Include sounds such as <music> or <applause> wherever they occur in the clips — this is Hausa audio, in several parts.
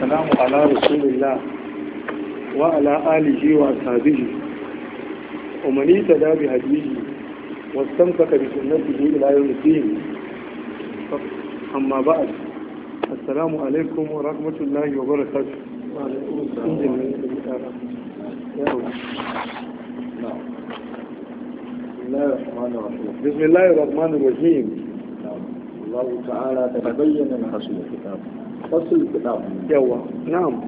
wasalamu ala rasulillah wa ala alihi wa sabihi umani ta dabi hadiji wasan ka kabi sunan su ila yau amma ba a assalamu alaikum wa rahmatullahi wa barakatu fasul kitab yawa na'am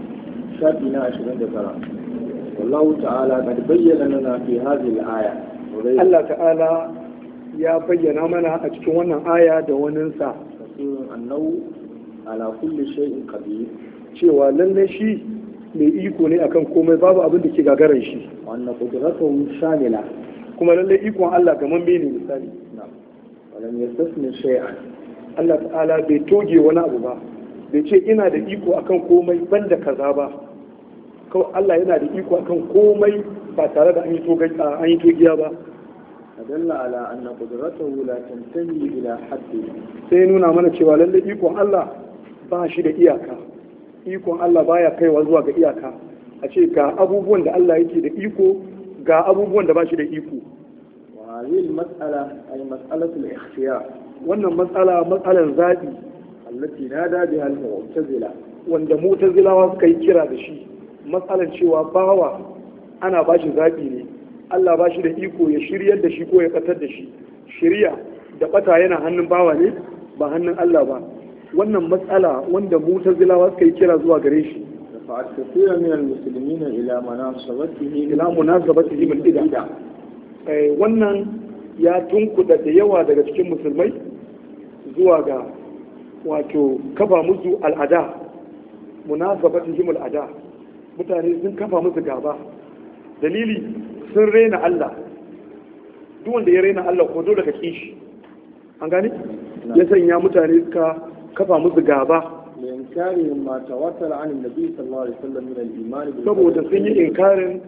shafi na 29 والله تعالى قد بين لنا في هذه الآية الله تعالى يا بين منا أتكون وانا آية دوننسا أنه على كل شيء قدير cewa lallai shi mai iko ne akan komai babu abin da ke gagarin shi wannan qudratuhu shamila kuma lallai ikon Allah ga mamme ne misali na'am walam yastasmi shay'an Allah ta'ala bai toge wani abu ba bai ce ina da iko akan komai ban da kaza ba kawai Allah yana da iko akan komai ba tare da an yi togiya ba adalla ala anna qudratuhu la tantahi ila haddi sai nuna mana cewa lalle iko Allah ba shi da iyaka iko Allah baya kaiwa zuwa ga iyaka a ce ga abubuwan da Allah yake da iko ga abubuwan da ba shi da iko wa hadhihi al-mas'ala ay mas'alatu al-ikhtiyar wannan matsala matsalar zabi التي نادى بها al وان wanda mu'tazilawa suka yi kira da shi matsalan cewa bawa ana bashi zabi ne Allah bashi da iko ya shiryar da shi ko ya katar da shi shiriya da bata yana hannun bawa ne Allah ba wannan matsala wanda mu'tazilawa suka yi kira zuwa gare shi fa'at min almuslimina ila munasabatihi ila munasabatihi ida eh wannan ya tunkuda da yawa daga cikin musulmai zuwa ga wato kafa musu al'ada himul al'ada mutane sun kafa musu gaba dalili sun raina Allah duk wanda ya raina Allah ko dole ka kishi an gani ya sanya mutane suka kafa musu gaba inkarin ma tawatar an nabi sallallahu alaihi wasallam min al-iman saboda sun yi inkarin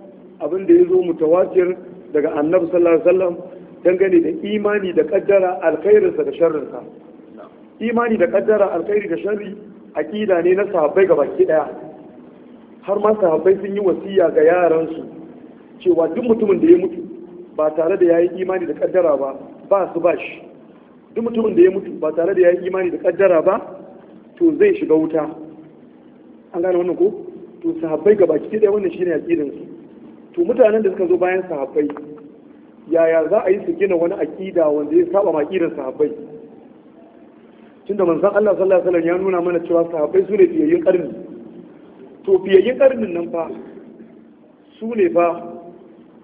abin da yazo mutawatir daga annabi sallallahu alaihi wasallam dangane da imani da kaddara alkhairinsa da sharrinsa imani da kaddara alkhairi da shari aqida ne na sahabbai ga baki daya har ma sahabbai sun yi wasiya ga yaransu cewa duk mutumin da ya mutu ba tare da yayi imani da kaddara ba ba su ba shi duk mutumin da ya mutu ba tare da yayi imani da kaddara ba to zai shiga wuta an gane wannan ko to sahabbai ga baki daya wannan shine aqidan su to mutanen da suka zo bayan sahabbai yaya za a yi su gina wani aqida wanda ya saba ma aqidan sahabbai tunda manzon Allah sallallahu alaihi wasallam ya nuna mana cewa sahabbai su ne yin karni to yin karnin nan fa su ne fa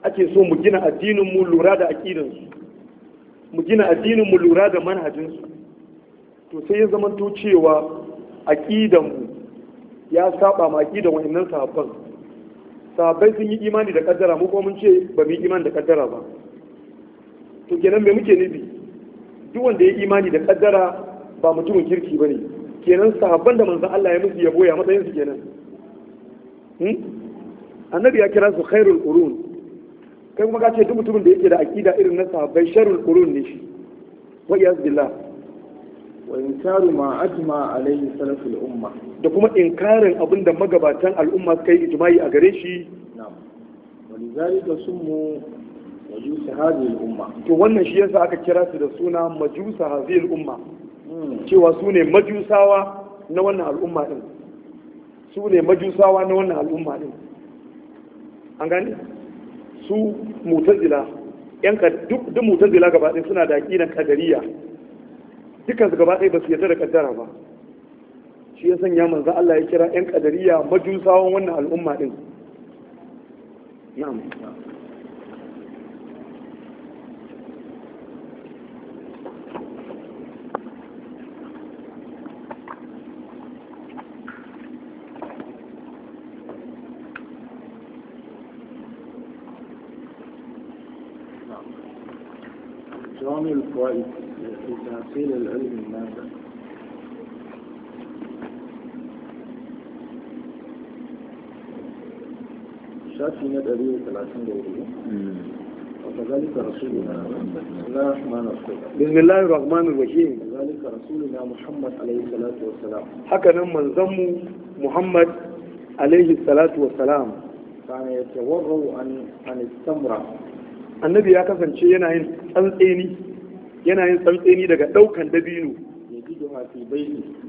ake so mu gina addinin mu lura da aqidan mu gina addinin mu lura da manhajin su to sai ya to cewa aqidan mu ya saba ma aqidan wa'annan sahabban sahabbai sun yi imani da kaddara mu ko mun ce ba mu yi imani da kaddara ba to kenan me muke nufi duk wanda ya imani da kaddara ba mutumin kirki ba ne kenan sahabban da manzan Allah ya musu yabo ya matsayin su kenan hmm? annabi ya kira su khairul qurun kai kuma ka ce duk mutumin da yake da akida irin na sahabbai sharul qurun ne shi wa iyaz billah wa inkaru ma ajma alayhi salaful umma da kuma inkarin abinda magabatan al'umma suka yi ijma'i a gare shi na'am lidhalika summu majusa hadhihi al umma to wannan shi yasa aka kira su da suna majusa hadhihi al umma cewa su ne majusawa na wannan al'umma din su ne majusawa na wannan al'umma din an gani su mutazila yan duk duk mutazila gaba ɗaya suna da aqidan kadariya dukkan su gaba ɗaya ba su yarda da kaddara ba shi ya sanya manzo Allah ya kira yan kadariya majusawan wannan al'umma din na'am أعظم الفائدة إذا قيل العلم ماذا؟ شافي ندري ثلاثين دورية وكذلك رسولنا لا الله الرحمن الرحيم بسم الله الرحمن الرحيم وكذلك رسولنا محمد عليه الصلاة والسلام حكى من نعم الزم محمد عليه الصلاة والسلام كان يتورع عن عن السمرة النبي يا كفن شيء ينعين أنسيني yana yin tsantseni daga ɗaukan dabino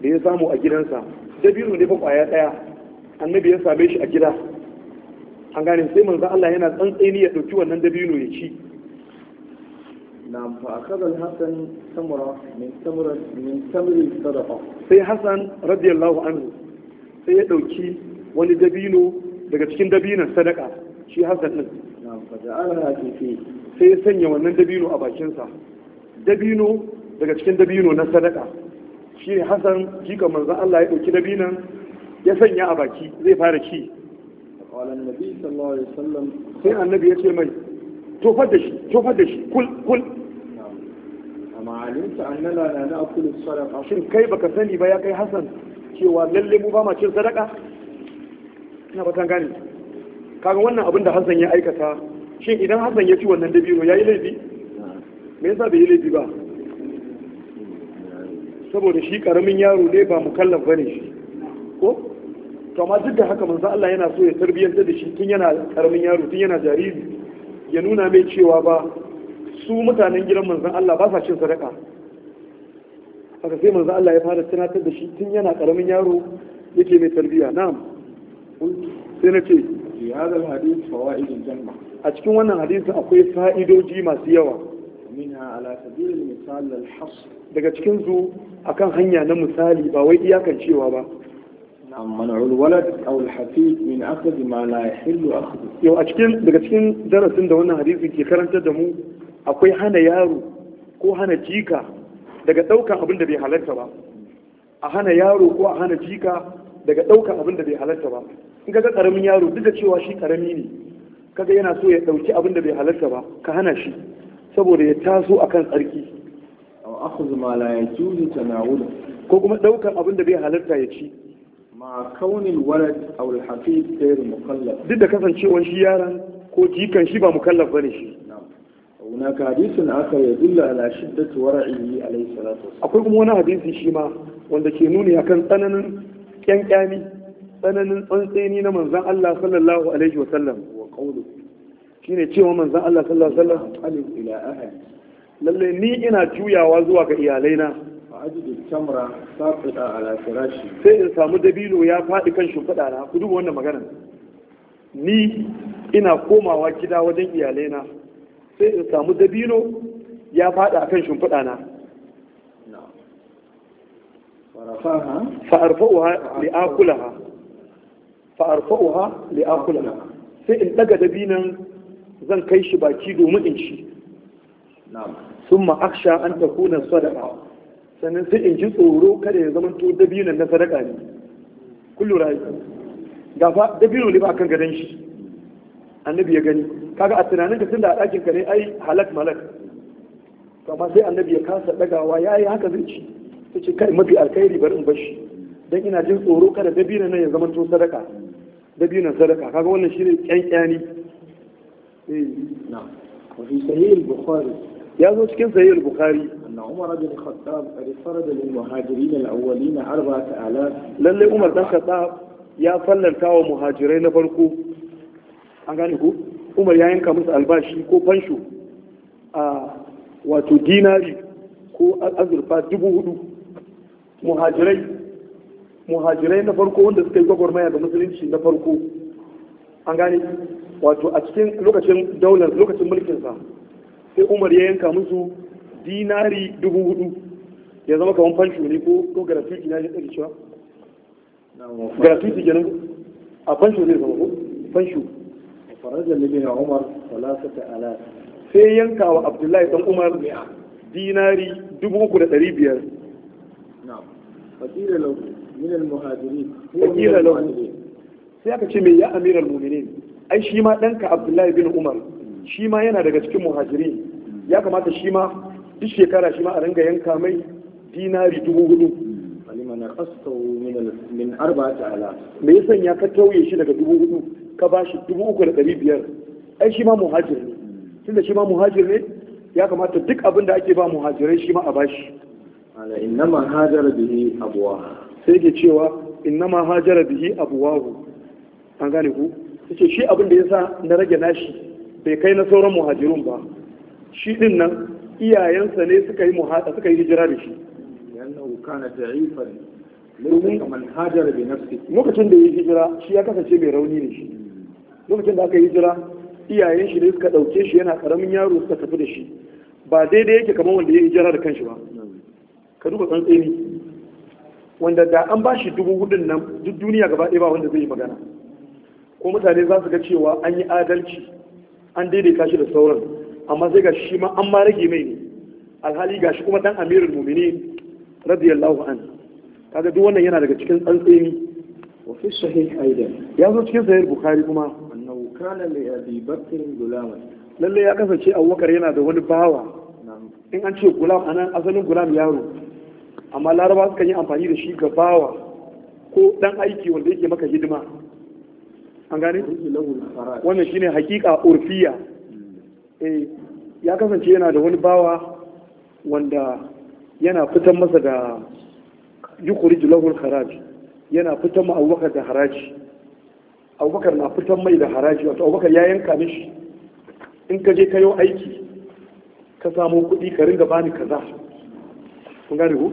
da ya samu a gidansa dabino ne fa kwaya ɗaya annabi ya same shi a gida an gane sai manzo Allah yana tsantseni ya ɗauki wannan dabino ya ci Na fa akada al-hasan samura min samura min samri sadaqa sai hasan radiyallahu anhu sai ya ɗauki wani dabino daga cikin dabinan sadaka shi hasan din na fa ja'alaha fi sai ya sanya wannan dabino a bakinsa dabino daga cikin dabino na sadaka shi ne hasan jika manzan Allah ya ɗauki dabinan ya sanya a baki zai fara ci sai annabi ya ce mai tofar da shi tofar da shi kul kul amma alimta nana na na akulu sadaka shin kai baka sani ba ya kai hasan cewa lalle mu ba ma cin sadaka ina ba gane kaga wannan abin da hasan ya aikata shin idan hasan ya ci wannan dabino yayi laifi me yasa bai yi laifi ba saboda shi karamin yaro ne ba mukallaf bane shi ko to amma duk da haka manzo Allah yana so ya tarbiyyantar da shi tun yana karamin yaro tun yana jariri ya nuna mai cewa ba su mutanen gidan manzo Allah ba sa cin sadaka haka sai manzo Allah ya fara tunatar da shi tun yana karamin yaro yake mai tarbiyya na'am sai na ce ya hadal hadith fawaidul janna a cikin wannan hadisi akwai fa'idoji masu yawa daga cikin su akan hanya na misali ba wai iyakan cewa ba yau a cikin daga cikin darasin da wannan hadisi ke karantar da mu akwai hana yaro ko hana jika daga daukan abin da bai halarta ba a hana yaro ko a hana jika daga daukan abin da bai halarta ba in kaga karamin yaro duk da cewa shi karami ne kaga yana so ya dauki abin da bai halarta ba ka hana shi saboda ya taso akan tsarki aw akhudhu ko kuma ɗaukar abin da bai halarta ya ci ma kaunin walad aw al hafiz ghayr mukallaf duk da kasancewar shi yaran ko jikan shi ba mukallaf bane shi هناك حديث آخر يدل على شدة ورعه عليه الصلاة والسلام أقول لكم هنا حديث شيما وأن كينوني أكن تنن كان كامي تنن تنسيني من زعل الله صلى الله عليه وسلم وقوله ne cewa manzan Allah sallallahu alaihi wasallam lalle ni ina juyawa zuwa ga iyalaina sai in samu dabino ya faɗi kan shimfiɗa na ku duba wannan magana ni ina komawa gida wajen iyalaina sai in samu dabino ya faɗi kan shimfiɗa na fa'arfa'uha li'akulaha fa'arfa'uha li'akulaha sai in ɗaga dabinan zan kai shi baki domin in ci sun ma'aksha an kuna sadaka sannan sai in ji tsoro kada ya zama to dabinan na sadaka ne kullu rai ga fa dabino ne ba kan gadon shi annabi ya gani kaga a tunanin ka tunda a ɗakin ka ne ai halak malak amma sai annabi ya kasa dagawa yayi haka zai ci sai ce kai mafi alkhairi bari in bashi dan ina jin tsoro kada dabinan nan ya zama to sadaka dabinan sadaka kaga wannan shine kyankyani وفي صحيح البخاري يا زوج كيف صحيح البخاري أن عمر بن الخطاب قد فرض للمهاجرين الأولين أربعة آلاف للي عمر بن الخطاب يا فلن تاو مهاجرين فرقو أغاني هو عمر يا ينكا مس الباشي كو بنشو آه واتو ديناري كو أزرفا دبو هدو مهاجرين مهاجرين نفرقوا farko wanda suka yi gwagwarmaya da musulunci na wato a cikin lokacin daular lokacin mulkin sa sai umar ya yanka musu dinari dubu hudu ya zama kamar fansho ne ko ko gratuity na yadda cewa gratuity kenan a fansho ne zama ko fansho farajar libya umar salasata ala sai yanka wa abdullahi dan umar dinari dubu uku da dari biyar fakira lahu min al-muhajirin fakira lahu sai aka ce mai ya amiral mu'minin ai shi ma ɗanka abdullahi bin umar shi ma yana daga cikin muhajiri ya kamata shi ma duk shekara shi ma a ringa yanka mai dinari dubu hudu min me ya sanya ka tauye shi daga dubu hudu ka ba shi dubu uku da ɗari biyar ai shi ma muhajir ne da shi ma muhajir ne ya kamata duk abin da ake ba muhajirai shi ma a bashi shi innama hajara bihi abuwa sai ke cewa innama hajara bihi abuwahu an gane ku yace shi abin da yasa na rage nashi bai kai na sauran muhajirun ba shi din nan iyayensa ne suka yi muhada suka yi hijira da shi kana da'ifan hajara bi lokacin da ya hijira shi ya kasance mai rauni ne shi lokacin da aka yi hijira iyayen shi ne suka dauke shi yana karamin yaro suka tafi da shi ba daidai yake kamar wanda ya hijira da kanshi ba ka duba tsantseni wanda da an ba shi dubu hudun nan duk duniya gaba ɗaya ba wanda zai yi magana ko mutane za su ga cewa an yi adalci an daidaita shi da sauran amma sai ga shi ma an ma rage mai ne alhali ga shi kuma dan amirul mumini radiyallahu an kaga duk wannan yana daga cikin tsantseni wa fi sahih aidan ya zo cikin sahih bukhari kuma annahu lalle ya kasance abubakar yana da wani bawa in an ce gulam anan asalin gulam yaro amma laraba suka yi amfani da shi ga bawa ko dan aiki wanda yake maka hidima an gane wannan shine hakika urfiya eh, ya kasance yana da wani bawa wanda yana fitan masa da yukuri lahu haraji yana fitan ma Abubakar da haraji Abubakar na fitan mai da haraji wato Abubakar ya yanka mishi in ka je ka yi aiki ka samu kuɗi ka ringa bani kaza kun gane ku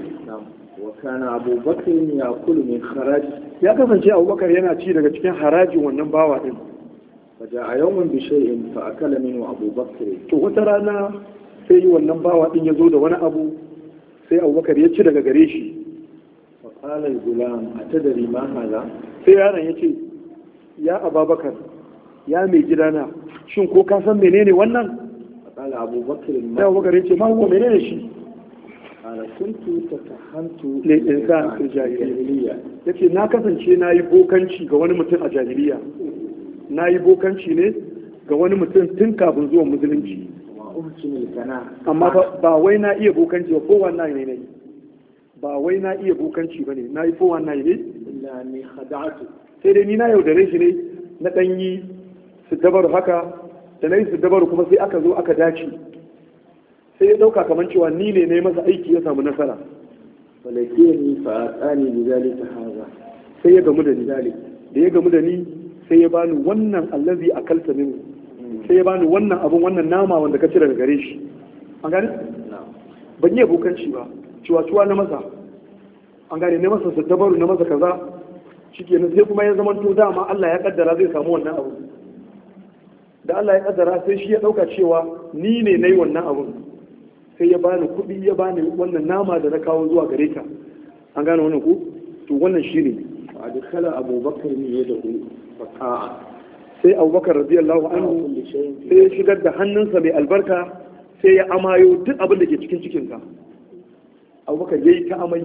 وكان أبو بكر يأكل من خراج يا كفن شيء أبو بكر ينا شيء لك كان حراج ونبا وإن فجاء يوم بشيء فأكل منه To wata rana sai wannan bawa din ya zo da wani abu sai abubakar ya ci daga gare shi faƙalar gulam a ta dari mahala sai yaron ya ce ya ababakar ya mai gidana shin ko ka san menene wannan faƙalar abubakar ya abubakar ya ce ma ko menene shi kuntu tatahantu lil insan fil jahiliya yace na kasance na yi bokanci ga wani mutum a jahiliya na yi bokanci ne ga wani mutum tun kafin zuwan musulunci amma ba wai na iya bokanci ba kowa na yi ne ba wai na iya bokanci ba ne na yi kowa na yi ne sai dai ni na yaudare shi ne na ɗanyi su dabar haka da na yi su dabar kuma sai aka zo aka dace sai ya dauka kamar cewa ni ne ne masa aiki ya samu nasara falakiyani fa atani bi zalika haza sai ya gamu da ni da ya gamu da ni sai ya bani wannan allazi akalta min hmm. sai ya bani wannan abun wannan nama wanda ka cire daga gare shi an gane ban yi abokanci ba cewa ciwa na masa an gane na masa dabaru na masa kaza shikenan sai kuma ya zama to dama Allah ya kaddara zai samu wannan abu da Allah ya kaddara sai shi ya dauka cewa ni ne nayi wannan abun sai ya bani kuɗi ya bani wannan nama da na kawo zuwa gare ka an gane wannan ku to wannan shine a kala abubakar ne ya dahu fata'a sai abubakar radiyallahu anhu sai ya shigar da hannunsa mai albarka sai ya amayo duk abin da ke cikin cikinsa abubakar ya yi ta amai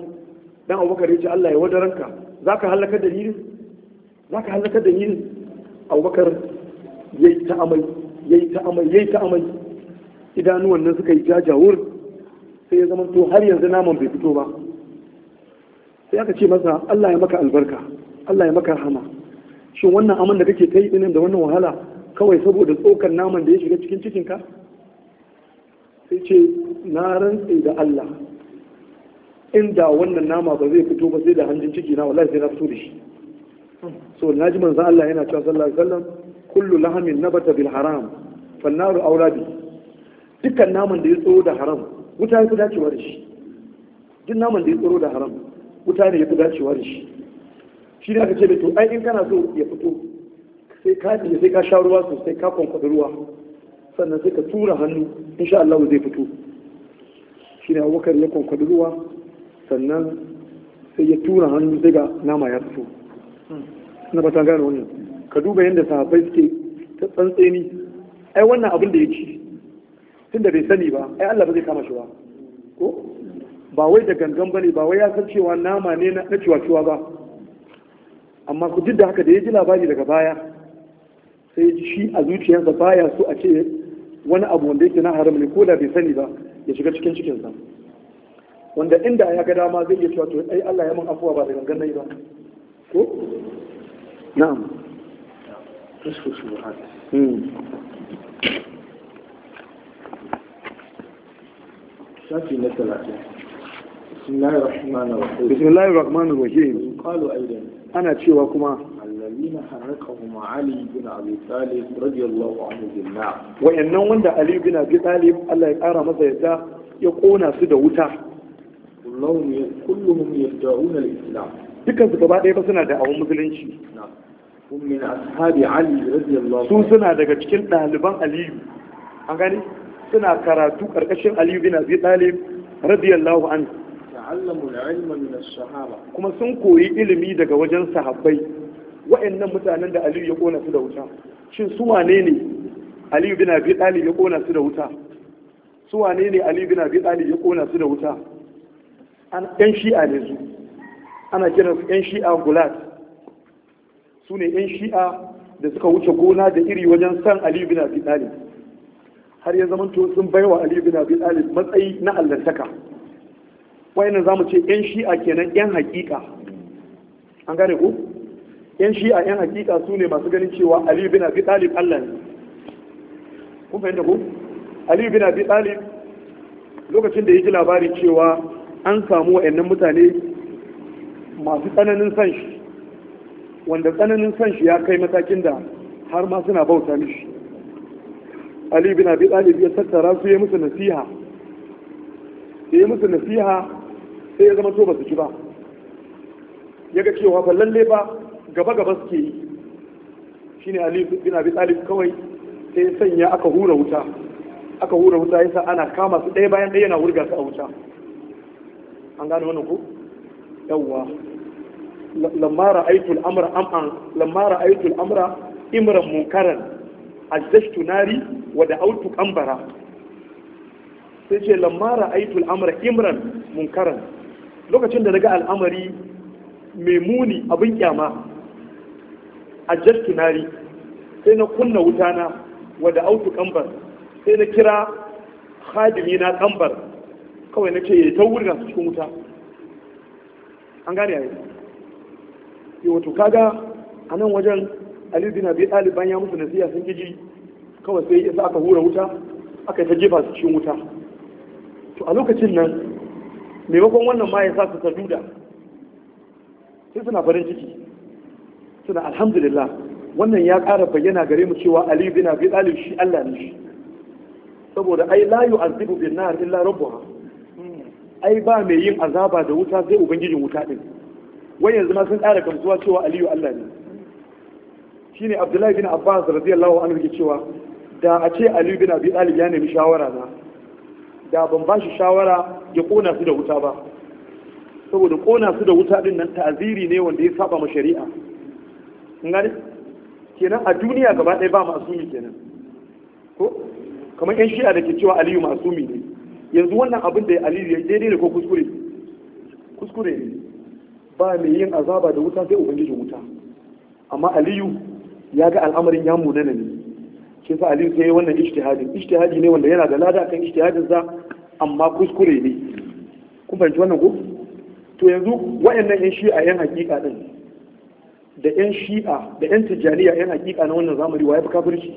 dan abubakar ya ce Allah ya wadaranka za ka halakar da ni za ka halakar da ni abubakar ya yi ta amai ya yi ta amai ya yi ta amai idanuwan nan suka yi jajawur sai ya zama to har yanzu naman bai fito ba sai aka ce masa Allah ya maka albarka Allah ya maka rahama shin wannan aman da kake ta yi da wannan wahala kawai saboda tsokar naman da ya shiga cikin cikinka sai ce na rantse da Allah inda wannan nama ba zai fito ba sai da hanjin ciki na wallahi sai na fito da shi so na ji manzo Allah yana cewa sallallahu alaihi wasallam kullu lahamin nabata bil haram fannaru aula dukkan naman da ya tsoro da haram wuta ya fi dacewa da shi duk naman da ya tsoro da haram wuta ne ya fi dacewa da shi shi ne aka ce mai to ai in kana so ya fito sai ka ne sai ka sha ruwa sosai ka kwankwaɗi ruwa sannan sai ka tura hannu insha Allah zai fito shi ne abubakar ya kwankwaɗi ruwa sannan sai ya tura hannu sai ga nama ya fito na ba ta gane wannan ka duba yadda sahabbai suke ta tsantseni ai wannan abin da ya ci tunda bai sani ba ai Allah ba zai kama shi ba ko ba wai da gangan bane ba wai ya san cewa nama ne na ciwa-ciwa ba amma ku jidda haka da ya ji labari daga baya sai ji shi a zuciyarsa baya so a ce wani abu wanda yake na haram ne ko da bai sani ba ya shiga cikin cikinsa wanda inda ya ga dama zai iya cewa to ai Allah ya mun afuwa ba da gangan nayi ba ko na'am hmm. shafi na talatin bismillahir rahmanir rahim ana cewa kuma الذين حرقهم علي Aliyu ابي طالب رضي الله عنه بالنار وانن وند علي بن ابي طالب الله يقرا masa yadda ya kona su da wuta kullum kulluhum yad'un al-islam gaba ɗaya ba suna da awon musulunci hum min ashabi ali radiyallahu su suna daga cikin ɗaliban aliyu suna karatu karkashin aliyu bin abi talib radiyallahu anhu ta'allamu al-ilma min as-sahaba kuma sun koyi ilimi daga wajen sahabbai wa'annan mutanen da aliyu ya kona su da wuta shin su wane ne aliyu bin abi talib ya kona su da wuta su wane ne aliyu bin abi talib ya kona su da wuta an yan shi'a ne su ana kiran su yan shi'a gulat su ne yan shi'a da suka wuce gona da iri wajen san aliyu bin abi talib har ya zamanto sun baiwa Ali bin Abi Talib matsayi na allantaka za mu ce yan shi'a kenan yan hakika an gane ku. yan shi'a yan hakika su ne masu ganin cewa Ali bin Abi Talib Allah ne kun fahimta ku. Ali bin Abi Talib lokacin da ya ji labari cewa an samu wayannan mutane masu tsananin san shi wanda tsananin san shi ya kai matakin da har ma suna bauta mishi ali bin abi talib ya tattara su ya musu nasiha sai ya musu nasiha sai ya zama to ba su ji ba ya ga cewa ba lalle ba gaba gaba suke yi shine ali bin abi talib kawai sai sanya aka hura wuta aka hura wuta yasa ana kama su ɗaya bayan ɗaya yana wurga su a wuta an gane wannan ko yawwa lamma ra'aytu al-amra am'an lamma ra'aytu al-amra imran munkaran ajjashtu nari wa da'autu qambara sai ce lamma ra'aytu al'amra imran munkaran lokacin da daga al'amari mai muni abin kyama ajjashtu nari sai na kunna wutana wa da'autu qambar sai na kira khadimi na qambar kawai na ce ya ta wurga su cikin wuta an gane yayi wato kaga a nan wajen ali bin abi talib ya musu nasiha sun kiji kawai sai yasa aka hura wuta aka ta jefa su cikin wuta to a lokacin nan maimakon wannan ma ya sa su saduda sai suna farin ciki suna alhamdulillah wannan ya ƙara bayyana gare mu cewa ali bin abi talib shi Allah ne shi saboda ai la yu'azibu bin nar illa rabbuha ai ba mai yin azaba da wuta sai ubangijin wuta din wai yanzu ma sun ƙara gamsuwa cewa aliyu Allah ne Shi ne Abdullahi bin Abbas radiyallahu anhu yake cewa da a ce Aliyu bin Abi Talib ya nemi shawara na da ban ba shi shawara ya kona su da wuta ba saboda kona su da wuta din nan ta'ziri ne wanda ya saba ma shari'a Ngari? kenan a duniya gaba ɗaya ba masumi kenan ko kamar yan shi'a da ke cewa Aliyu masumi ne yanzu wannan abin da Aliyu ya daidai ne ko kuskure kuskure ne ba mai yin azaba da wuta sai ubangijin wuta amma aliyu ya ga al'amarin ya munana ne shi sa aliyu sai wannan ijtihadin ijtihadi ne wanda yana da lada kan ijtihadin sa amma kuskure ne kun fahimci wannan ko to yanzu wayannan yan shi'a yan hakika din da yan shi'a da yan tijaniya yan hakika na wannan zamani wa ya fi kafirci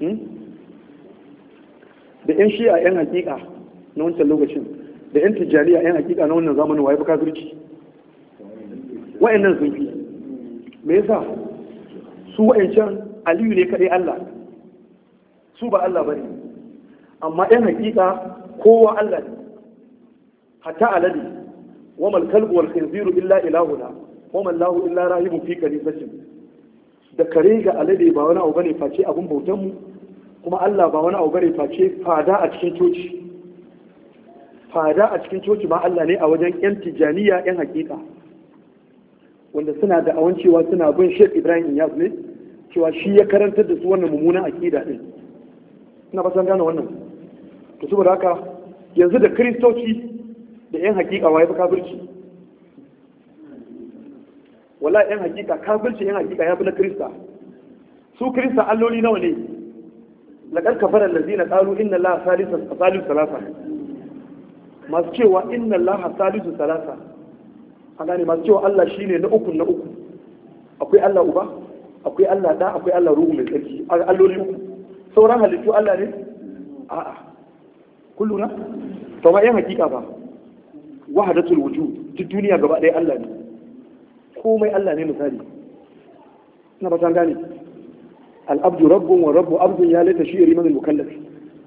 hmm? da yan shi'a yan hakika na wancan lokacin da yan tijaniya yan hakika na wannan zamani wa ya fi kafirci wayannan sun fi me yasa su wa'ancan aliyu ne kaɗai Allah su ba Allah bari. amma ɗan hakika kowa Allah ne hatta alade wa malkal wal khinziru illa ilahuna wa man lahu illa rahibun fi kalifatin da kare ga alade ba wani abu bane face abun bautan mu kuma Allah ba wani abu bane face fada a cikin coci fada a cikin coci ma Allah ne a wajen yan tijaniya yan hakika wanda suna da awan cewa suna bin Sheikh Ibrahim ya ne cewa shi ya karantar da su wannan mummunan akida din ina fatan gane wannan to saboda haka yanzu da kristoci da yan hakika waye kafirci wala yan hakika kafirci yan hakika ya fi na krista su krista alloli nawa ne laqad kafara allazina qalu inna allaha salisu salasa masu cewa inna allaha salisu salasa a gane masu cewa Allah shi ne na uku na uku akwai Allah uba akwai Allah da akwai Allah ruhu mai tsarki alloli uku sauran halittu Allah ne a'a na? to ba yan hakika ba wahadatul wujud duk duniya gaba ɗaya Allah ne komai Allah ne misali ina ba gane Al'abdu rabbun wa rabbu abdun ya laita shi riman mukallaf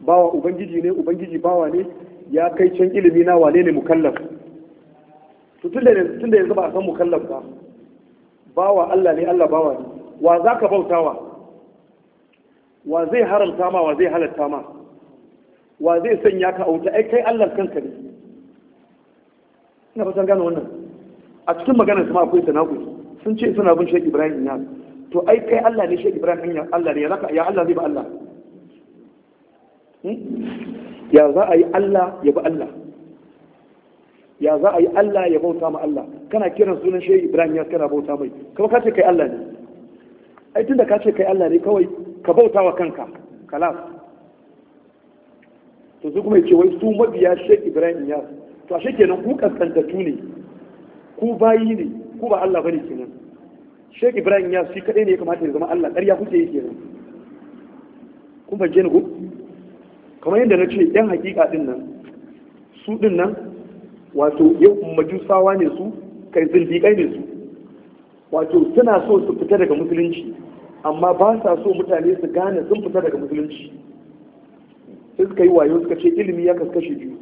bawa ubangiji ne ubangiji bawa ne ya kai can ilimi na wane ne mukallaf tun da yanzu ba a san mukallaf ba bawa Allah ne Allah bawa ne wa za ka bautawa wa zai haramta ma wa zai halatta ma wa zai sanya ka auta ai kai Allah kanka ne ina fatan gane wannan a cikin maganar ma akwai tanakuri sun ce suna bin Sheikh Ibrahim ya to ai kai Allah ne Sheikh Ibrahim ya Allah ne ya Allah zai ba Allah hmm? ya za a yi Allah ya ba Allah ya za a yi Allah ya bauta ma Allah kana kiran sunan shehu Ibrahim ya kana bauta mai kuma ka ce kai Allah ne ai tunda ka ce kai Allah ne kawai ka bauta wa kanka kalas to su kuma ce wai su mabiya shehu Ibrahim ya to ashe kenan ku kaskantatu ne ku bayi ne ku ba Allah bane kenan shehu Ibrahim ya shi kadai ne ya kamata ya zama Allah ƙarya kuke yi kenan kun fahimce ni ku? kamar yadda na ce yan hakika din nan su din nan wato yau majusawa ne su kai zindiƙai ne su wato suna so su fita daga musulunci amma ba sa so mutane su gane sun fita daga musulunci sai suka yi wayo suka ce ilimi ya kaskashe biyu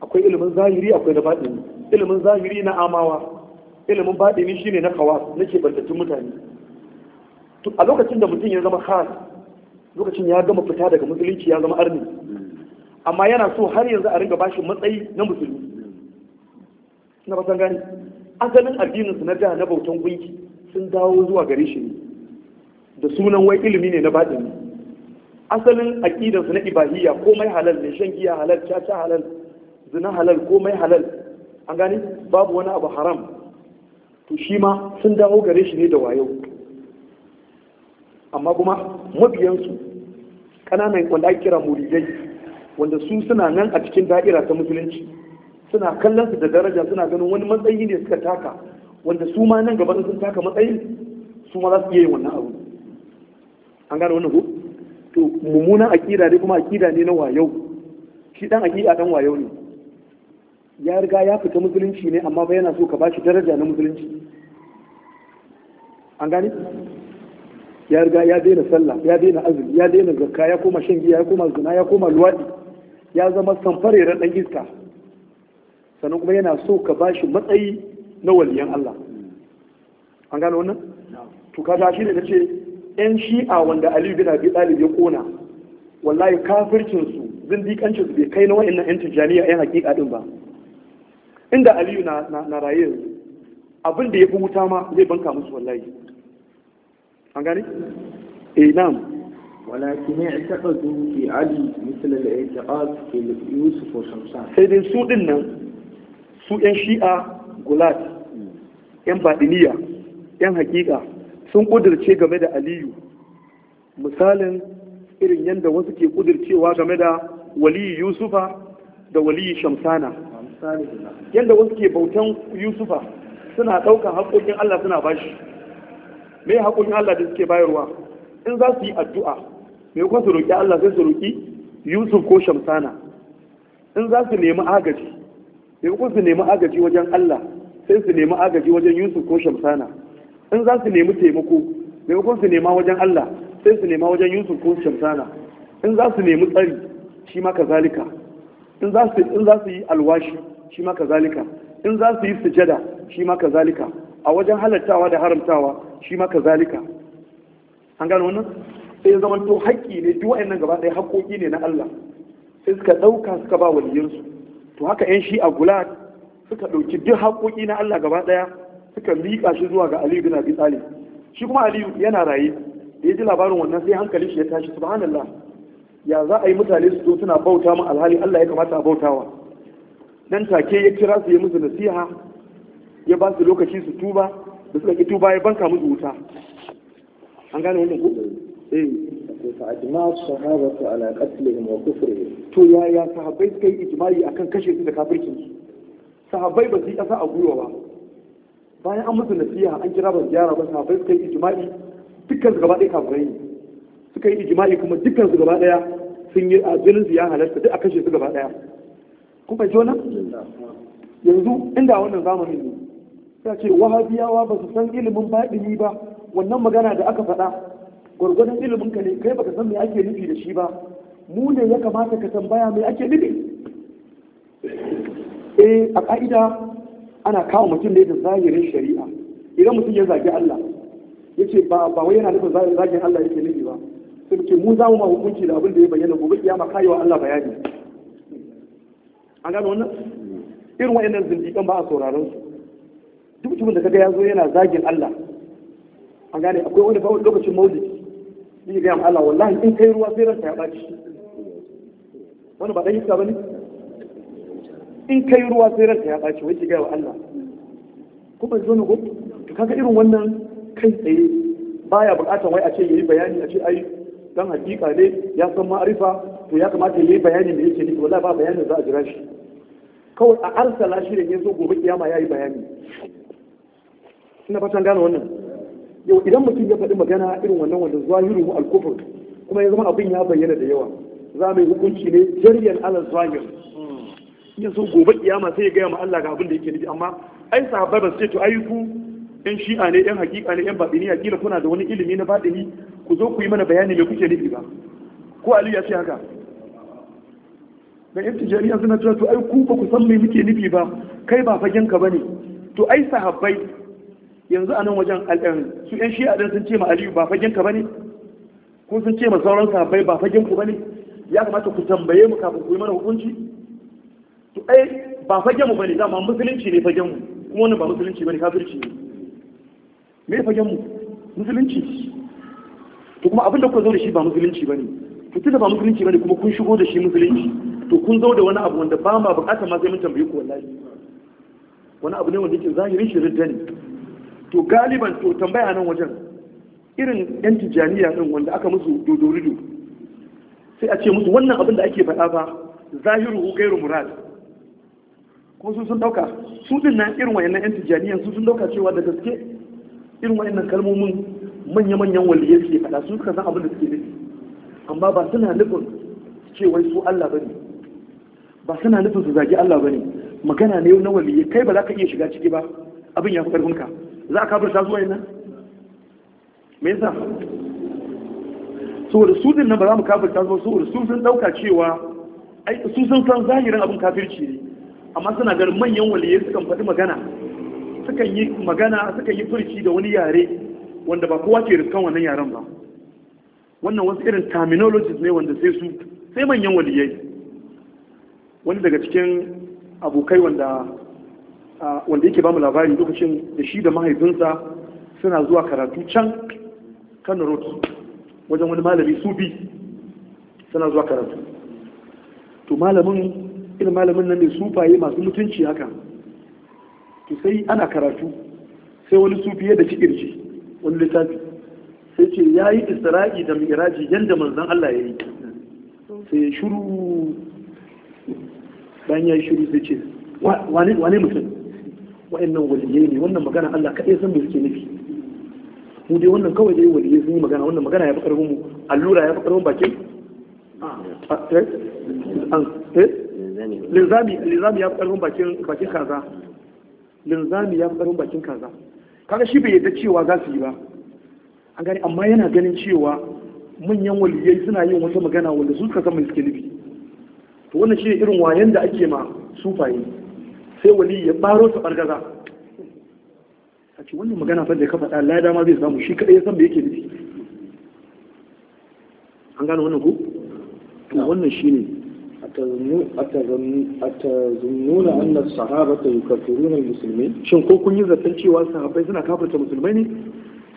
akwai ilimin zahiri akwai da baɗini ilimin zahiri na amawa ilimin baɗini shine na kawa na bantattun mutane a lokacin da mutum ya zama khas lokacin ya gama fita daga musulunci ya zama arni amma yana so har yanzu a ringa bashi matsayi na musulmi na basan gani asalin addininsu na jiha na bautan gunki sun dawo zuwa gare shi ne da sunan wai ilimi ne na baɗini asalin aƙidansu na ibahiyya komai halal ne shan giya halal caca halal zina halal komai halal an gani babu wani abu haram to shi ma sun dawo gare shi ne da wayo amma kuma mabiyansu ƙananan wanda ake kira muridai wanda su suna nan a cikin da'ira ta musulunci suna kallon su da daraja suna ganin wani matsayi ne suka taka wanda su ma nan gaba sun taka matsayin su ma za su iya yin wannan abu an gane wannan ko to mummunan akida ne kuma akida ne na wayau shi dan akida dan wayau ne ya riga ya fita musulunci ne amma ba yana so ka bashi daraja na musulunci an gane ya riga ya daina sallah ya daina azumi ya daina zakka ya koma shan giya ya koma zina ya koma luwadi ya zama samfareren ɗan iska sannan kuma yana so ka ba shi matsayi na waliyan Allah an gano wannan to kaga shi ne na ce yan shi'a wanda Aliyu bin Abi Talib ya kona wallahi kafircin su zindiƙancin su bai kai na wa'annan yan tijaniya ya haƙiƙa din ba inda Aliyu na na, raye abin da ya fi wuta ma zai banka musu wallahi an gane eh na'am ولكن اعتقدوا في علي مثل الاعتقاد في يوسف وشمسان سيدنا سو دينن سو ان شيعة غلات yan badiniya yan hakika sun kudirce game da aliyu misalin irin yadda wasu ke kudircewa game da Waliyu yusufa da Waliyu shamsana yadda wasu ke bautan yusufa suna ɗaukar haƙoƙin allah suna bashi me haƙoƙin allah da suke bayarwa in za su yi addu'a me kuma su roƙi Allah sai su roƙi Yusuf ko Shamsana in za su nemi agaji me kuma su nemi agaji wajen Allah sai su nemi agaji wajen Yusuf ko Shamsana in za su nemi taimako me kuma su nema wajen Allah sai su nema wajen Yusuf ko Shamsana in za su nemi tsari shi ma kazalika in za su in za su yi alwashi shi ma kazalika in za su yi sujada shi ma kazalika a wajen halattawa da haramtawa shi ma kazalika an gano wannan sai ya zama to haƙƙi ne duk wa'annan gaba ɗaya haƙƙoƙi ne na Allah sai suka ɗauka suka ba waliyansu to haka yan shi a gula suka ɗauki duk haƙƙoƙi na Allah gaba ɗaya suka miƙa shi zuwa ga Aliyu bin Abi Talib shi kuma Aliyu yana raye da ya ji labarin wannan sai hankalin shi ya tashi subhanallah ya za a yi mutane su zo suna bauta mu alhali Allah ya kamata a bautawa nan take ya kira su ya musu nasiha ya ba su lokaci su tuba da suka ki tuba ya banka musu wuta an gane wannan ko fa ajma'u sahabatu ala qatlihim wa kufrihim to ya ya sahabbai suka yi ijma'i akan kashe su da kafircin su ba su yi kasa a gwiwa ba bayan an musu nasiha an kira ba su ba sahabbai suka yi ijma'i dukkan su gaba ɗaya kafirai ne suka yi ijma'i kuma dukkan su gaba sun yi ya a kashe su kuma yanzu inda wannan zamanin ne sai ce wahabiyawa ba su san ilimin baɗini ba wannan magana da aka faɗa gwargwadon ilimin ka ne kai baka san me ake nufi da shi ba mu ne ya kamata ka tambaya me ake nufi eh a ka'ida ana kawo mutum ne da zahirin shari'a idan mutum ya zagi Allah ya ce ba ba wai yana nufin zagin Allah yake nufi ba sai ce mu za mu ma hukunci da abin da ya bayyana gobe kiyama kai wa Allah bayani an gano wannan irin wayannan zindiƙan ba a sauraron su duk mutumin da kaga ya zo yana zagin Allah an gane akwai wani lokacin maulidi zai gaya Allah wallahi in kai ruwa sai ranka ya ɓaci wani ba ɗan iska ba ne in kai ruwa sai ranta ya ɓaci wai ki gaya wa Allah Ko kuma zo ko to kaga irin wannan kai tsaye baya buƙatar wai a ce yayi bayani a ce ai dan hakika ne ya san ma'arifa to ya kamata yayi bayani me yake nufi wallahi ba bayanin za a jira shi kawai a arsala shi da yanzu gobe kiyama yayi bayani ina fatan gane wannan yau idan mutum ya faɗi magana irin wannan wanda zahiru al alkufur kuma ya zama abin ya bayyana da yawa za mu yi hukunci ne jaryan ala zahir in so gobe kiyama sai ya gaya ma Allah ga abin da yake nufi amma ai sahabbai ba su ce to ai ku yan shi'a ne ɗan hakika ne yan a hakila kuna da wani ilimi na baɗi ku zo ku yi mana bayani mai kuke nufi ba ko Ali ya ce haka dan yan jariya suna cewa to ai ku ba ku san me muke nufi ba kai ba fagen ka bane to ai sahabbai yanzu a nan wajen al'an su yan shi'a din sun ce ma aliyu ba fagen ka bane ko sun ce ma sauran sahabbai ba fagen ku bane ya kamata ku tambaye mu kafin ku yi mana hukunci to ai ba fagen mu bane mu musulunci ne fagen mu kuma wannan ba musulunci bane kafirci ne me fagen mu musulunci to kuma abin da kuka zo da shi ba musulunci bane to tunda ba musulunci bane kuma kun shigo da shi musulunci to kun zo da wani abu wanda ba ma bukatar ma sai mun tambaye ku wallahi wani abu ne wanda yake zahirin shirin da ne to galiban to tambaya nan wajen irin yan tijaniya din wanda aka musu dodorido sai a ce musu wannan abin da ake faɗa ba zahiru ko gairu murad ko su sun dauka su din nan irin wayannan yan tijjaniyan su sun dauka cewa da gaske irin wayannan kalmomin manya-manyan waliyai suke faɗa su suka san abin da suke nufi amma ba suna nufin cewa su Allah bane ba suna nufin su zagi Allah bane magana ne na waliyai kai ba za ka iya shiga ciki ba abin ya fi karfinka za a kafirta zuwa yana me yasa saboda su din nan ba za mu kafirta zuwa saboda su sun dauka cewa ai su sun san zahirin abin kafirci ne amma suna ganin manyan waliyai sukan faɗi magana sukan yi magana sukan yi furci da wani yare wanda ba kowa ke riskan wannan yaren ba wannan wasu irin terminologies ne wanda sai su sai manyan waliyai wani daga cikin abokai wanda wanda yake bamu labari lokacin da shi da mahaifinsa suna zuwa karatu can kan road wajen wani malami su bi suna zuwa karatu to malamin irin malamin nan ne sufaye masu mutunci haka to sai ana karatu sai wani ya da kirji wani littafi sai ce ya yi isra'i da miraji yadda manzan Allah ya yi sai ya shuru bayan ya yi shuru sai ce wane mutum wa'annan waliyai ne wannan magana Allah kaɗai san me suke nufi mu dai wannan kawai dai waliyai sun yi magana wannan magana ya fi ƙarfin mu allura ya fi ƙarfin bakin ah. Ah, eh? Eh? linzami ya fi ƙarfin bakin kaza linzami ya fi ƙarfin bakin kaza kaga shi bai yadda cewa za su yi ba an gani amma yana ganin cewa manyan waliyai suna yin wata magana wanda su suka san mai suke nufi to wannan shi irin wayan da ake ma sufaye sai wali ya baro ta bargaza a ce wannan magana fa da kafa faɗa lada ma zai samu shi kaɗai ya san da yake nufi an gano wannan ku to wannan shine ta anna sahabata yukaffiruna almuslimin shin ko kun yi zaton cewa sahabbai suna kafirta musulmai ne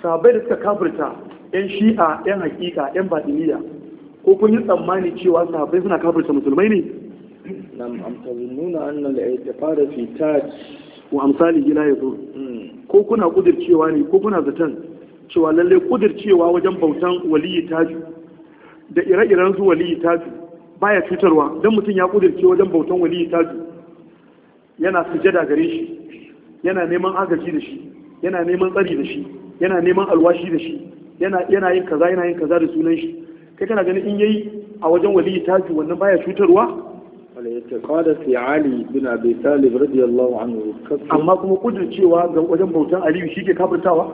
sahabbai da suka kafirta yan shi'a yan hakika yan batiniya ko kun yi tsammani cewa sahabbai suna kafirta musulmai ne nam am tazunnuna anna al-i'tiqad fi taj wa amsalihi la yadur ko kuna kudircewa ne ko kuna zaton cewa lalle kudircewa wajen bautan waliyi taju da ire-iren su waliyi taju baya cutarwa dan mutum ya kudirce wajen bautan waliyi taju yana sujada gare shi yana neman agaji da shi yana neman tsari da shi yana neman alwashi da shi yana yin kaza yana yin kaza da sunan shi kai kana ganin in yayi a wajen waliyi taju wannan baya cutarwa Ali amma kuma cewa ga wajen bautan aliyu shi ke kafirtawa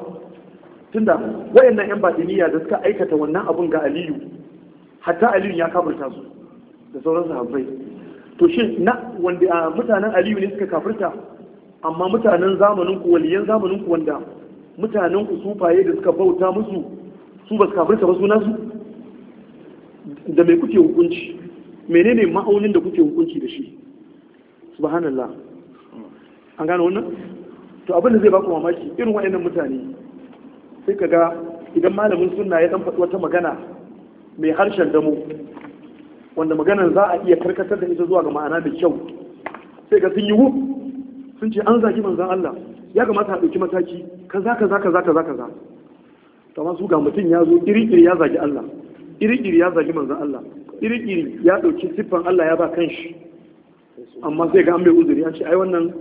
tunda wayannan yan batiniya da suka aikata wannan abun ga aliyu hatta aliyu ya kafirta su da sauran sahabbai to shin na wanda mutanen aliyu ne suka kafirta amma mutanen zamanin ku waliyan zamanin ku wanda mutanen ku sufaye da suka bauta musu su ba su kafirta ba sunan su da me kuke hukunci menene ma'aunin da kuke hukunci da shi subhanallah an gane wannan to abin da zai baku mamaki irin wa'annan mutane sai ka ga idan malamin sunna ya dan faɗi wata magana mai harshen damo wanda maganar za a iya karkatar da ita zuwa ga ma'ana da kyau sai ga sun yi hu. sun ce an zaki manzan Allah ya kamata a ɗauki mataki kaza kaza kaza kaza kaza to amma su ga mutum ya zo iri iri ya zagi Allah iri iri ya zagi manzan Allah iri-iri ya ɗauki siffan Allah ya ba kan shi. amma sai ga an bai uzuri an ce ai wannan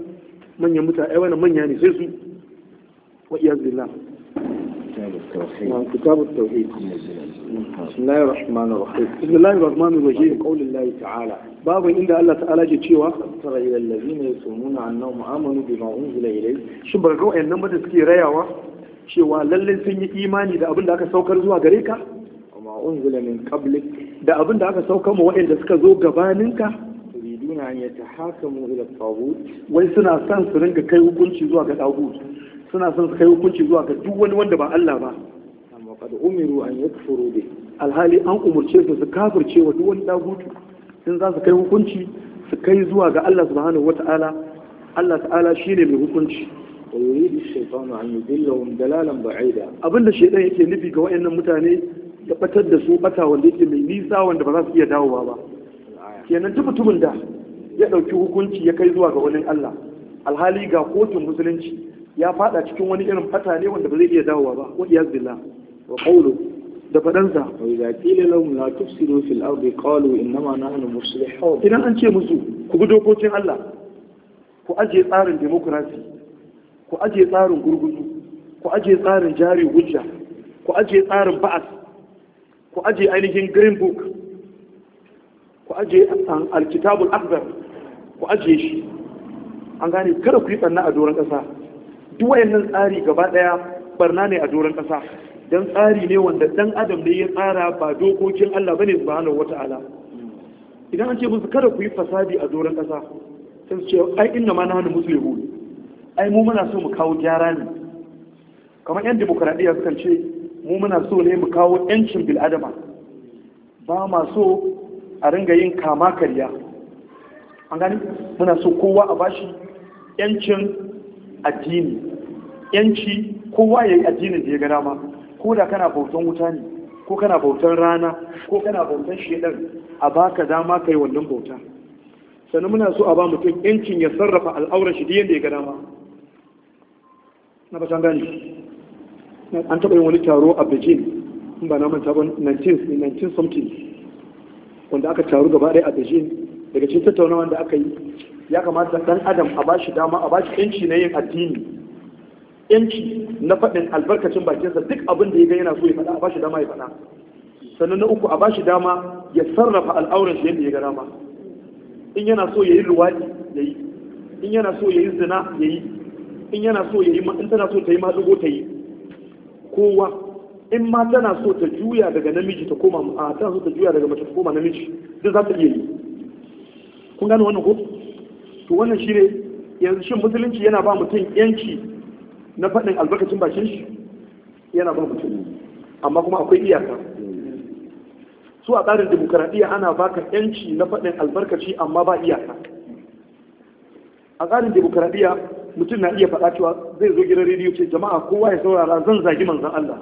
manyan mutane ai wannan manya ne sai su wa iyaz billah كتاب التوحيد بسم الله الرحمن الرحيم بسم الله الرحمن Babu inda Allah Ta'ala باب cewa, الله تعالى جي تشوا ترى الى الذين يصومون انهم امنوا بما انزل اليك shin ba ga wayannan ba da suke rayawa cewa lallai sun yi imani da abin da aka saukar zuwa gare ka amma unzila min qablik da abin da aka sauka ma waɗanda suka zo gabaninka ta haka mu ila tagut wai suna son su ringa kai hukunci zuwa ga tagut suna son su kai hukunci zuwa ga duk wani wanda ba Allah ba amma qad umiru an yakfuru bi alhali an umurce su su kafirce wa duk wani tagutu sun za su kai hukunci su kai zuwa ga Allah subhanahu wataala Allah ta'ala shine mai hukunci wa yuridu shaytanu an yudillahum dalalan ba'ida abinda shaytan yake nufi ga wayannan mutane ya batar da su bata wanda yake mai nisa wanda ba za su iya dawowa ba kenan duk mutumin da ya ɗauki hukunci ya kai zuwa ga wani Allah alhali ga kotun musulunci ya fada cikin wani irin fata ne wanda ba zai iya dawowa ba wa iyaz billah wa qawlu da fadansa wa idza qila lahum la tufsidu fil ardi qalu innama nahnu muslihun idan an ce musu ku bi dokokin Allah ku aje tsarin demokrasi ku aje tsarin gurguzu ku aje tsarin jari hujja ku aje tsarin ba'as ku aje ainihin green book ku aje um, alkitabul akbar ku aje shi an gane kada ku yi barna a doron ƙasa duk wayannan tsari gaba ɗaya barna ne a doron ƙasa dan tsari ne wanda dan adam ne ya tsara ba dokokin Allah bane subhanahu wata'ala idan an ce musu kada ku yi fasadi a doron ƙasa sai su ce ai inna ma nahnu muslimun ai mu muna so mu kawo gyara ne kamar yan demokradiya sukan ce mu muna so ne mu kawo yancin bil'adama ba ma so a ringa yin kama karya an gani muna so kowa a bashi yancin addini yanci kowa ya addinin da ya ga dama ko da kana bautan wuta ne ko kana bautan rana ko kana bautan shedan a baka dama kai wannan bauta sannan muna so a ba mutum yancin ya sarrafa al'aurar shi da yadda ya ga dama na ba gani an taɓa yin wani taro a beijing in ba na manta ba 19 something wanda aka taru gaba ɗaya a beijing daga cikin tattaunawa da aka yi ya kamata ɗan adam a bashi dama a bashi yanci na yin addini yanci na faɗin albarkacin bakinsa duk abin da ya ga yana so ya faɗa a bashi dama ya faɗa sannan na uku a bashi dama ya sarrafa al'auran shi yadda ya ga dama in yana so ya yi luwaɗi ya yi in yana so ya yi zina ya yi in yana so ya yi in tana so ta yi maɗugo ta yi kowa in ma tana so ta juya daga namiji ta koma a tana so ta juya daga mace ta koma namiji duk za ta iya yi kun gano wannan ko to wannan shi ne yanzu shin musulunci yana ba mutum yanci na faɗin albarkacin bakin shi yana ba mutum amma kuma akwai iyaka su a tsarin demokaradiyya ana baka yanci na faɗin albarkaci amma ba iyaka a tsarin demokaradiyya mutum na iya faɗa cewa zai zo gidan rediyo ce jama'a kowa ya saurara zan zagi manzan Allah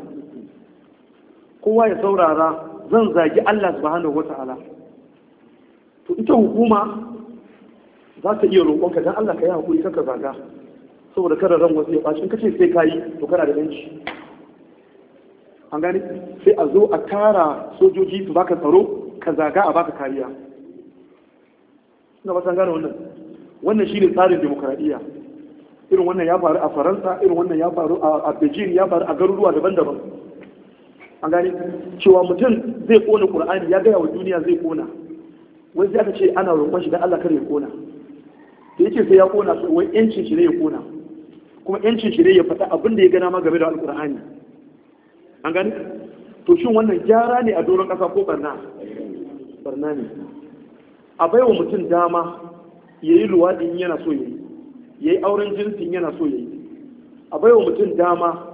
kowa ya saurara zan zagi Allah subhanahu wata'ala to ita hukuma za ta iya roƙonka dan Allah ka yi hakuri kanka zaga saboda kada ran wasu ya ɓaci in kace sai ka yi to kana da yanci an gani sai a zo a tara sojoji su baka tsaro ka zaga a baka kariya ina ba san gane wannan wannan shine tsarin demokradiyya irin wannan ya faru a faransa irin wannan ya faru a bejin ya faru a garuruwa daban-daban an gani cewa mutum zai kona ƙur'ani ya gaya wa duniya zai kona wai zai aka ce ana roƙon shi da Allah kar ya kona da yake sai ya kona su wai yancin shi ne ya kona kuma yancin shi ne ya faɗa abin da ya gana ma game da alqur'ani an gani to shin wannan gyara ne a doron ƙasa ko barna barna ne a baiwa mutum dama ya yi luwaɗi yana so ya yi yayi auren jinsin yana so yayi a baiwa mutum dama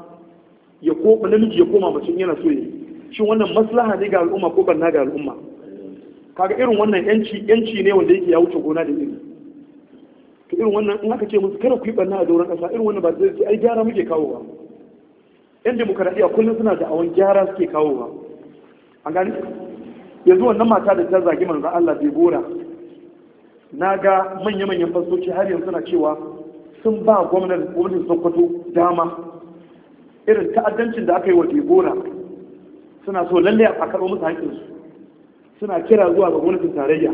ya ko namiji ya koma mutum yana so yayi shin wannan maslaha ne ga al'umma ko barna ga al'umma kaga irin wannan yanci yanci ne wanda yake ya wuce gona da iri to irin wannan in aka ce musu kada ku yi barna a doron kasa irin wannan ba zai ce ai gyara muke kawo ba yan demokaradiyya kullum suna da awon gyara suke kawo ba an gani yanzu wannan mata da ta zagi manzo Allah bai gora na ga manya-manyan fasoci har yanzu suna cewa sun ba gwamnan gwamnan sokoto dama irin ta'addancin da aka yi wa debora suna so lalle a karɓo musu haƙƙinsu suna kira zuwa ga gwamnatin tarayya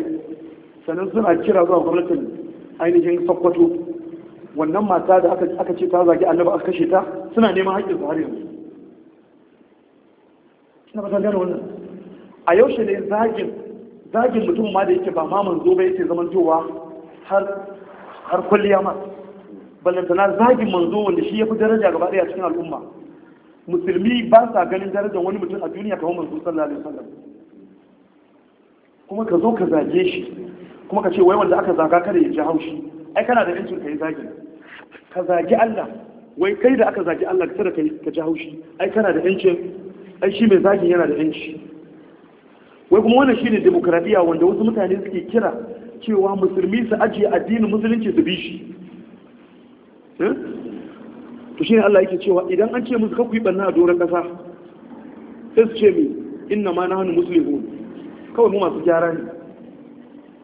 sannan suna kira zuwa gwamnatin ainihin sokoto wannan mata da aka ce ta zagi annaba aka kashe ta suna neman haƙƙinsu har yanzu ina ba ta wannan a yaushe ne zagin zagin mutum ma da yake ba ma manzo ba yake zamantowa har har kulliya ma ballantana zagin manzo wanda shi ya fi daraja gaba daya cikin al'umma musulmi ba sa ganin darajar wani mutum a duniya kamar manzo sallallahu alaihi wasallam kuma ka zo ka zage shi kuma ka ce wai wanda aka zaga kada ya ji haushi ai kana da yancin ka yi zagi ka zagi Allah wai kai da aka zagi Allah kada ka ka ji haushi ai kana da yancin ai shi mai zagin yana da yanci wai kuma wannan shine demokradiya wanda wasu mutane suke kira cewa musulmi su ajiye addinin musulunci su bi shi Eh? to shi ne Allah yake cewa idan an ce musu kakwai ɓanna a doron ƙasa? sai su ce mi inna ma hannu muslimun kawai mu masu gyara ne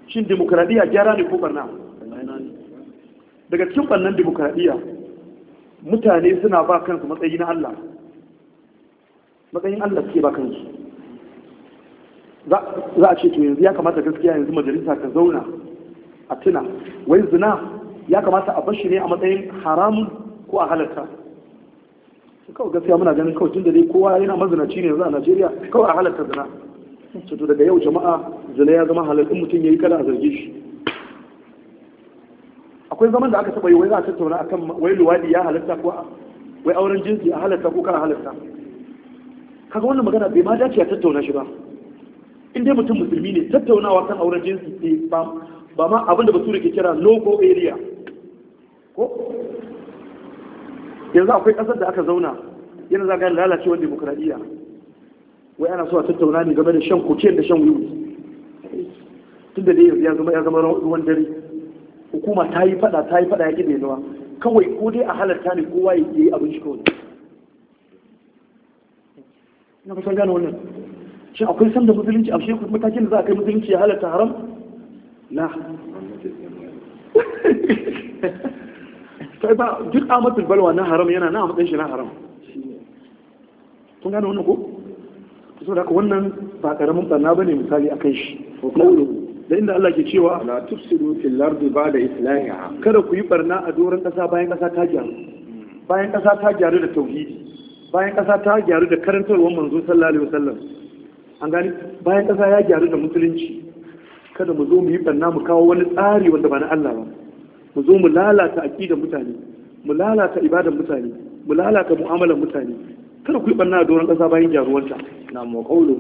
shin demokuraɗiyya gyara ne ko ɓanna daga cikin ɓannan demokuraɗiyya mutane suna ba kansu matsayi na Allah matsayin Allah suke ba kansu za a ce to yanzu ya kamata gaskiya yanzu majalisa ka zauna a tuna wai zina ya kamata a bashi ne a matsayin haramun ko a halarta kawai gaskiya muna ganin kawai tun da dai kowa yana mazinaci ne yanzu a najeriya kawai a halarta zina to daga yau jama'a zina ya zama halal mutum ya yi kada a zarge shi akwai zaman da aka taɓa yi wai za a tattauna akan wai luwadi ya halarta ko wai auren jinsi a halarta ko kana halarta kaga wannan magana bai ma dace a tattauna shi ba in dai mutum musulmi ne tattaunawa kan auren jinsi eh, ba ma abin da bature ke kira logo area yanzu akwai ƙasar da aka zauna yana za ga lalacewar demokradiyya wai ana so a tattauna ne game da shan kokiyar da shan wiwi tun da dai ya zama ya zama ruwan dare hukuma ta yi fada ta yi fada ya ƙi da kawai ko dai a halarta ne kowa ya yi abin shi kawai Ina kusan gane wannan shi akwai san da musulunci a shi matakin da za a kai musulunci ya halarta haram na <laughs> sai ba duk amatul balwa na haram yana na amatsan shi na haram kun gane wannan ko so da wannan ba karamin barna bane misali akan shi da inda Allah ke cewa la tufsidu fil ardi ba'da islahiha kada ku yi barna a doron kasa bayan kasa ta gyaru bayan kasa ta gyaru da tauhidi bayan kasa ta gyaru da karantarwar manzo sallallahu alaihi wasallam an gani bayan kasa ya gyaru da musulunci kada mu zo mu yi barna mu kawo wani tsari wanda ba na Allah ba mu zo mu lalata aqidar mutane mu lalata ibadar mutane mu lalata mu'amalar mutane kada ku yi banna doron kasa bayan gyaruwarta na mu qawlu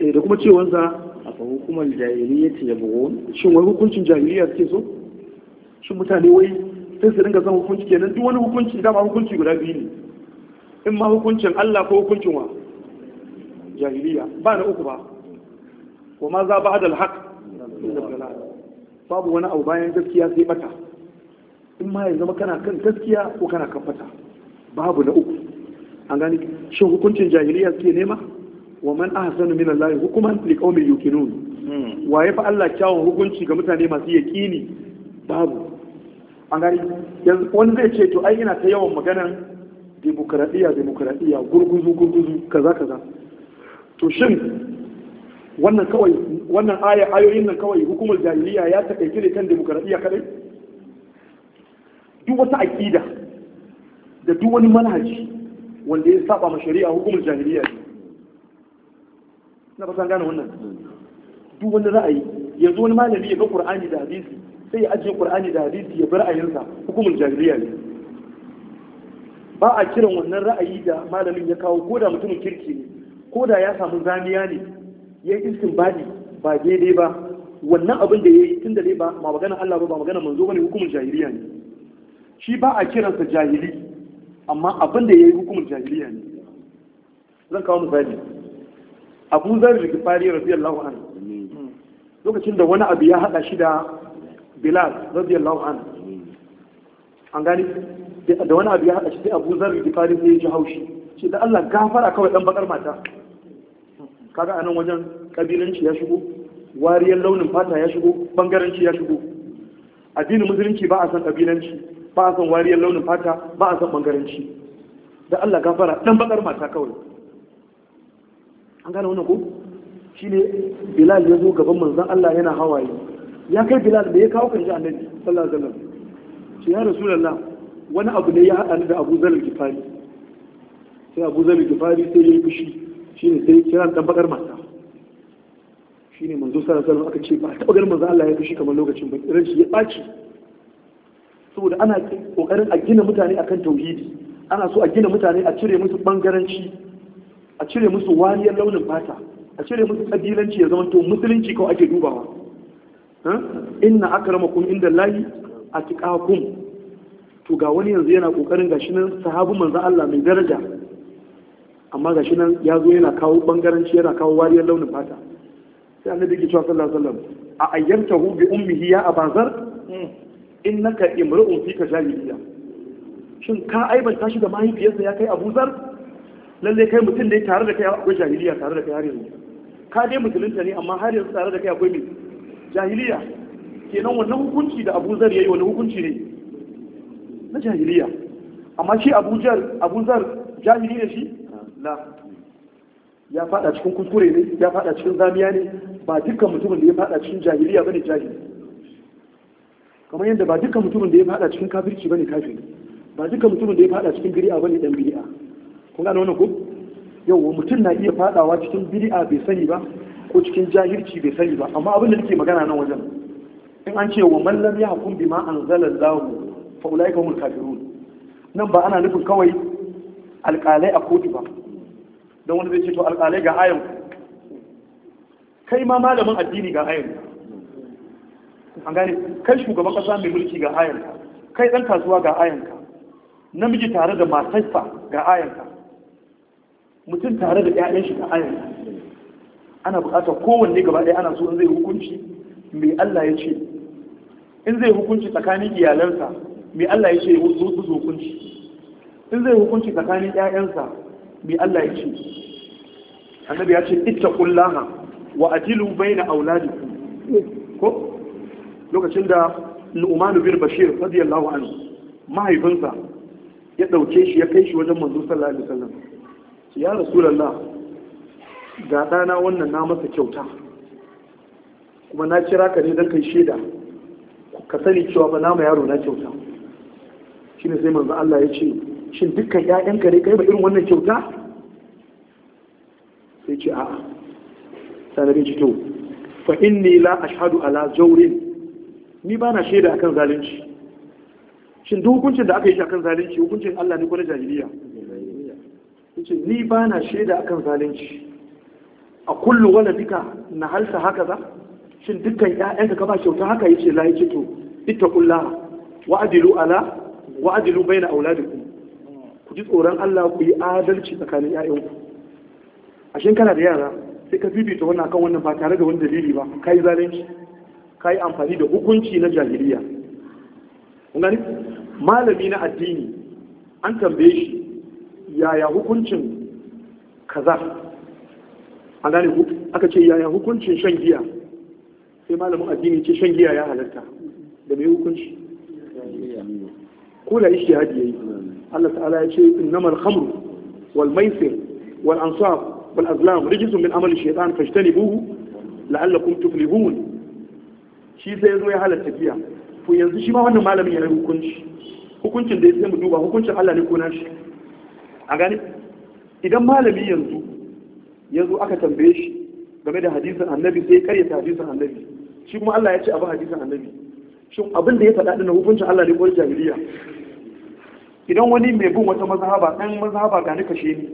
eh da kuma cewansa a fa hukumar jahiliyyati yabo shin wai hukuncin jahiliya suke so shin mutane wai sai su dinga zan hukunci kenan duk wani hukunci dama hukunci guda biyu ne in ma hukuncin Allah ko hukuncin wa jahiliya ba na uku ba kuma za ba adal haq babu wani abu bayan gaskiya sai bata in ma ya zama kana kan gaskiya ko kana kan bata babu na uku an gani shin hukuncin jahiliya suke nema wa man ahsanu min Allah hukuman liqaumin yuqinun hmm. wa ya fa Allah kyawun hukunci ga mutane masu yaqini babu an gani yanzu wani zai ce to ai ina ta yawan maganan demokradiya demokradiya gurguzu gurguzu kaza kaza to shin wannan kawai wannan aya ayoyin nan kawai hukumar jahiliya ya takaice ne kan demokradiyya kadai duk wata aqida da duk wani manhaji wanda ya saba ma shari'a hukumar jahiliya ne na fasan gane wannan duk wani ra'ayi yanzu wani malami ya ga qur'ani da hadisi sai ya ajiye qur'ani da hadisi ya bar ayinsa hukumar jahiliya ne ba a kiran wannan ra'ayi da malamin ya kawo ko da mutumin kirki ne ko da ya samu zaniya ne ya yi istinbadi ba daidai ba wannan abin da ya yi tun da dai ba ma magana Allah ba ba magana manzo bane hukumin jahiliya ne shi ba a kiransa jahili amma abin da ya yi hukumin jahiliya ne zan kawo misali abu zar da Fari radiyallahu anhu lokacin da wani abu ya hada shi da bilal radiyallahu anhu an gani da wani abu ya hada shi da abu zar da Fari sai ya ji haushi ce da Allah gafara kawai dan bakar mata kaga anan wajen kabilanci ya shigo wariyar launin fata ya shigo bangaranci ya shigo addinin musulunci ba a san kabilanci ba a san wariyar launin fata ba a san bangaranci da Allah gafara dan bakar mata kawai an gane wannan ko shine Bilal ya zo gaban manzon Allah yana hawaye ya kai Bilal me ya kawo kan ji annabi sallallahu alaihi wasallam shi ya rasulullah wani abu ne ya hada da Abu Zar al-Ghifari sai Abu Zar al-Ghifari sai ya yi fushi ne sai kiran dan bakar mata ne manzo sallallahu alaihi aka ce ba taɓa ganin manzo Allah ya fushi kamar lokacin ba irin shi ya ɓaci saboda ana kokarin a gina mutane akan tauhidi ana so a gina mutane a cire musu bangaranci a cire musu wariyar launin fata a cire musu kabilanci ya zama, to musulunci kawai ake dubawa inna akramakum inda lahi a tiƙakum to ga wani yanzu yana ƙoƙarin gashi nan sahabu manzo Allah mai daraja amma ga shi nan ya zo yana kawo bangaranci yana kawo wariyar launin fata sai annabi ke cewa sallallahu alaihi wasallam a hu bi ummihi ya abazar hmm. innaka imru'un fika jahiliya shin ka aibanta shi da mahaifiyarsa ya kai abuzar lalle kai mutum ne tare da kai akwai jahiliya tare da kai har yanzu ka dai musulunta ne amma har yanzu tare da kai akwai mai jahiliya kenan wannan hukunci da abuzar yayi wani hukunci ne na jahiliya amma shi abuzar abuzar jahili ne shi ya fada cikin kuskure ne ya fada cikin zamiya ne ba dukkan mutumin da ya fada cikin jahiliya bane jahili kamar yadda ba dukkan mutumin da ya fada cikin kafirci bane kafiri ba dukkan mutumin da ya fada cikin bid'a bane dan bid'a kun gane wannan ko wa mutum na iya fadawa cikin bid'a bai sani ba ko cikin jahilci bai sani ba amma abin da nake magana nan wajen in an ce wa man lam yahkum bima anzala Allah fa ulaika humul kafirun nan ba ana nufin kawai alƙalai a kotu ba don wani zai ce to alƙalai ga ayan kai ma malamin addini ga ayan an gane kai shugaban ƙasa mai mulki ga ayan kai ɗan kasuwa ga ayan namiji tare da matarsa ga ayan mutum tare da ƴaƴan shi ga ayan ana buƙatar kowanne gaba ɗaya ana so in zai hukunci mai Allah ya ce in zai hukunci tsakanin iyalansa mai Allah ya ce ya zo hukunci in zai hukunci tsakanin 'ya'yansa me Allah ya ce annabi ya ce ittaqullaha wa ajilu baina auladikum ko lokacin da Lu'man bin Bashir radiyallahu anhu mahaifinsa ya dauke shi ya kai shi wajen manzo sallallahu alaihi wasallam ya rasulullah ga dana wannan na masa kyauta kuma na kira ka ne don kai shaida ka sani cewa ba nama yaro na kyauta shine sai manzo Allah ya ce shin dukkan ƴaƴanka ne kai ba irin wannan kyauta sai ce a'a sanadin ci to fa inni la ashhadu ala jaurin. ni ba na shaida akan zalunci shin duk hukuncin da aka yi shi akan zalunci hukuncin Allah ne ko na jahiliya yace ni ba na shaida akan zalunci a kullu waladika na halsa haka za shin dukkan ƴaƴanka ka ba kyauta haka yace la yace to ittaqullah wa'dilu ala wa'dilu baina auladikum ji tsoron Allah ku yi adalci tsakanin 'ya'yanku. A shi kana da yara sai ka bibita wani akan wannan ba tare da wani dalili ba ka yi zalunci ka yi amfani da hukunci na jahiliya kun malami na addini an tambaye shi yaya hukuncin kaza an gane ku aka ce yaya hukuncin shan giya sai malamin addini ce shan giya ya halatta da mai hukunci ko da ishtihadi yayi Allah ta'ala ya ce innamal khamru wal maisir wal ansab wal azlam rijsun min amali shaytan fajtanibuhu la'allakum tuflihun shi sai yazo ya halatta giya to yanzu shi ma wannan malamin yana hukunci hukuncin da sai mu duba hukuncin Allah ne ko na shi a gani idan malami yanzu yanzu aka tambaye shi game da hadisin annabi sai karyata hadisin annabi shi kuma Allah ya ce abu hadisin annabi shin abin da ya faɗa na hukuncin Allah ne ko jahiliya idan wani mai bin wata mazhaba dan mazhaba ga ni kashe ni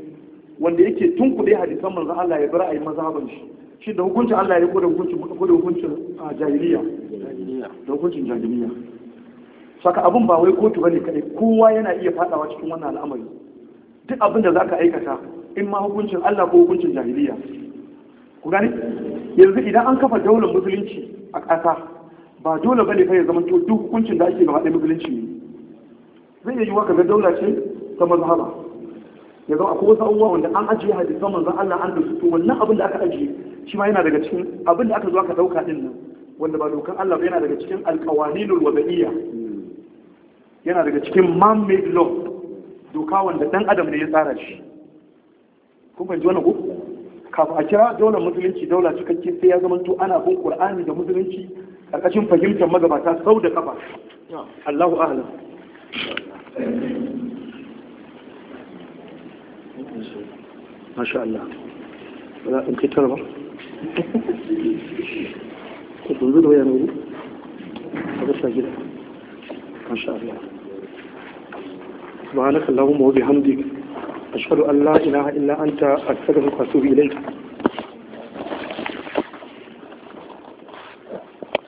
wanda yake tunkuɗe hadisan manzon Allah ya bar ayi mazhaban shi shi da hukuncin Allah ya ko hukuncin ko da hukuncin jahiliya da hukuncin jahiliya saka abun ba wai kotu bane kai kowa yana iya fadawa cikin wannan al'amari duk abin da zaka aikata in ma hukuncin Allah ko hukuncin jahiliya ku gani yanzu idan an kafa daular musulunci a ƙasa ba dole bane kai ya zama to duk hukuncin da ake gaba ɗaya musulunci ne zai iya yiwuwa ga daula ce ta mazhaba ya zama akwai wasu abubuwa wanda an ajiye hadisan manzon Allah an dauki to wannan abin da aka ajiye shi ma yana daga cikin abin da aka zo aka dauka din nan wanda ba dokan Allah ba yana daga cikin alqawanilul wadaiya yana daga cikin man made law doka wanda dan adam ne ya tsara shi kun fahimci wannan ko kafin a kira daular musulunci daula cikakke sai ya zama to ana bin qur'ani da musulunci karkashin fahimtar magabata sau da kafa Allahu a'lam ما شاء الله لا انت كلمة تقول ويا نوري هذا سجل ما شاء الله سبحانك اللهم وبحمدك أشهد أن لا إله إلا أنت أستغفرك وأتوب إليك